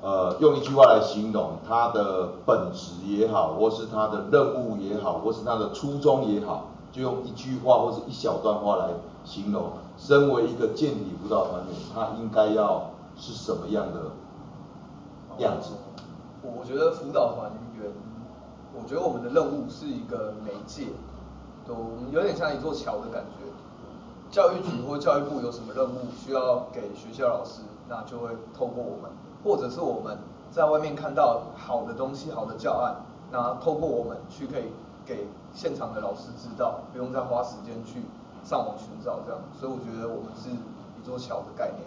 呃，用一句話來形容他的本質也好，或是他的任務也好，或是他的初衷也好，就用一句話或是一小段話來形容。身為一個健體輔導團員，他應該要是什麼樣的樣子？我覺得輔導團員，我覺得我們的任務是一個媒介。都有點像一座橋的感覺。教育局或教育部有什麼任務需要給學校老師，那就會透過我們，或者是我們在外面看到好的東西、好的教案，那透過我們去可以給現場的老師知道，不用再花時間去上網尋找這樣。所以我覺得我們是一座橋的概念。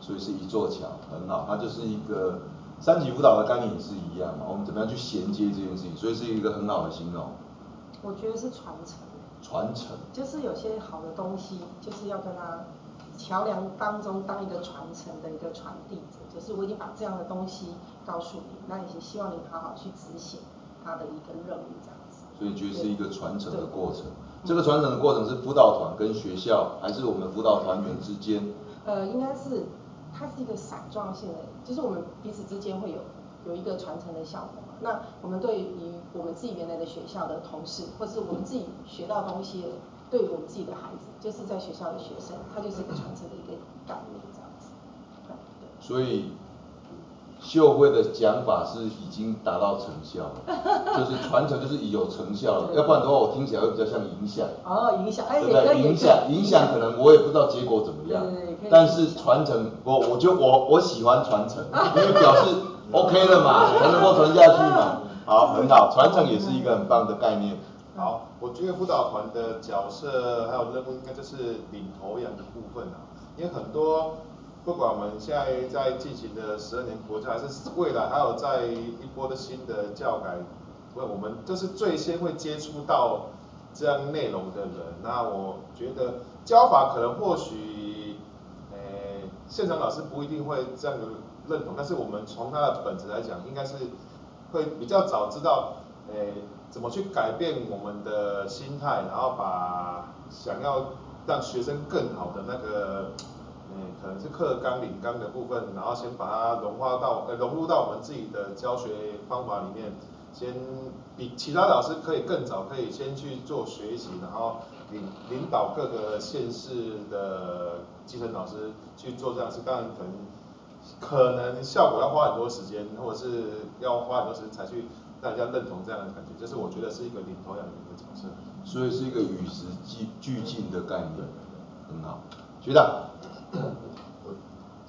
所以是一座橋，很好，它就是一個三級輔導的概念也是一樣嘛。我們怎麼樣去銜接這件事情，所以是一個很好的形容。我覺得是傳承，傳承就是有些好的東西，就是要跟他橋樑當中當一個傳承的一個傳遞者，就是我已經把這樣的東西告訴你，那也希望你好好去執行他的一個任務這樣子。所以覺得是一個傳承的過程，這個傳承的過程是輔導團跟學校，還是我們輔導團員之間？呃，應該是它是一個散狀性的，就是我們彼此之間會有。有一個傳承的效果嘛。那我們對於我們自己原來的學校的同事，或是我們自己學到的東西，對於我們自己的孩子，就是在學校的學生，他就是一個傳承的一個概念這樣子。對。所以秀慧的講法是已經達到成效了， <laughs> 就是傳承就是已有成效了，對對對。要不然的話我聽起來會比較像影響。哦，影響，對不對？影響，影響可能我也不知道結果怎麼樣，對對對。但是傳承，我我就我我喜歡傳承， <laughs> 因為表示。 <music> OK 了嘛，才能夠傳下去嘛。好，很好，傳承也是一個很棒的概念。 <music> 好，我覺得輔導團的角色還有任務應該就是領頭羊的部分啦、啊。因為很多不管我們現在在進行的十二年國教，還是未來還有在一波的新的教改，為我們就是最先會接觸到這樣內容的人。那我覺得教法可能或許，誒、欸，現場老師不一定會這樣認同，但是我們從他的本質來講，應該是會比較早知道，誒，怎麼去改變我們的心態，然後把想要讓學生更好的那個，誒，可能是課綱領綱的部分，然後先把它融化到融入到我們自己的教學方法裡面，先比其他老師可以更早，可以先去做學習，然後領領導各個縣市的基層老師去做這樣事，是當然可能。可能效果要花很多時間，或者是要花很多時間才去大家認同這樣的感覺，就是我覺得是一個領頭羊的一個角色，嗯、所以是一個與時俱進的概念，嗯、很好。局長，我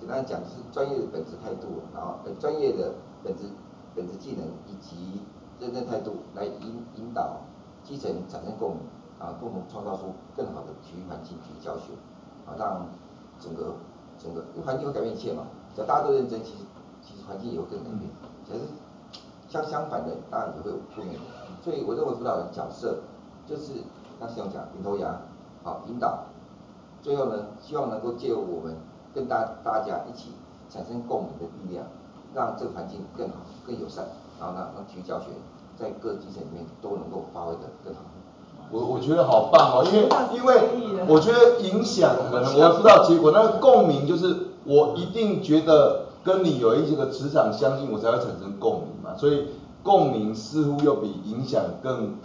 簡單講是專業的本質態度，然後呃、專業的本質、本質技能以及認真態度來引引導基層產生共鳴，啊，共同創造出更好的體育環境、體育教學，啊，讓整個整個因為環境會改變一切嘛。大家都認真，其實其實環境也會更正面。其實相相反的當然也會有負面。所以我認為輔導的角色就是剛才我講領頭羊，好、哦、引導。最後呢，希望能夠借由我們跟大家大家一起產生共鳴的力量，讓這個環境更好、更友善。然後呢，讓體育教學在各基層裡面都能夠發揮得更好。我我覺得好棒哦，因為因為我覺得影響，可能，我要知道結果。那共鳴就是。我一定覺得跟你有一些個磁場相近，我才會產生共鳴嘛。所以共鳴似乎又比影響更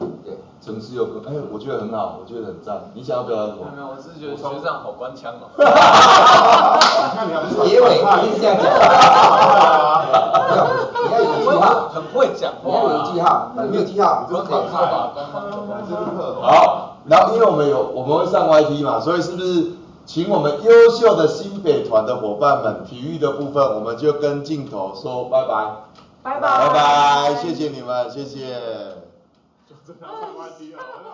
層次又更……哎，我覺得很好，我覺得很讚。你想要表達什麼？沒有，我是覺得學長好官腔哦。哈哈哈！你看你還是結尾話一直這樣講。哈哈哈！你要有記號，很會講，你要有記號，沒有記號，我靠，剛剛好。然後，因為我們有我們會上 Y T 嘛，所以是不是？請我們優秀的新北團的夥伴們，體育的部分我們就跟鏡頭說拜拜。拜拜，拜拜，拜拜，謝謝你們，拜拜，謝謝。 <laughs> <laughs>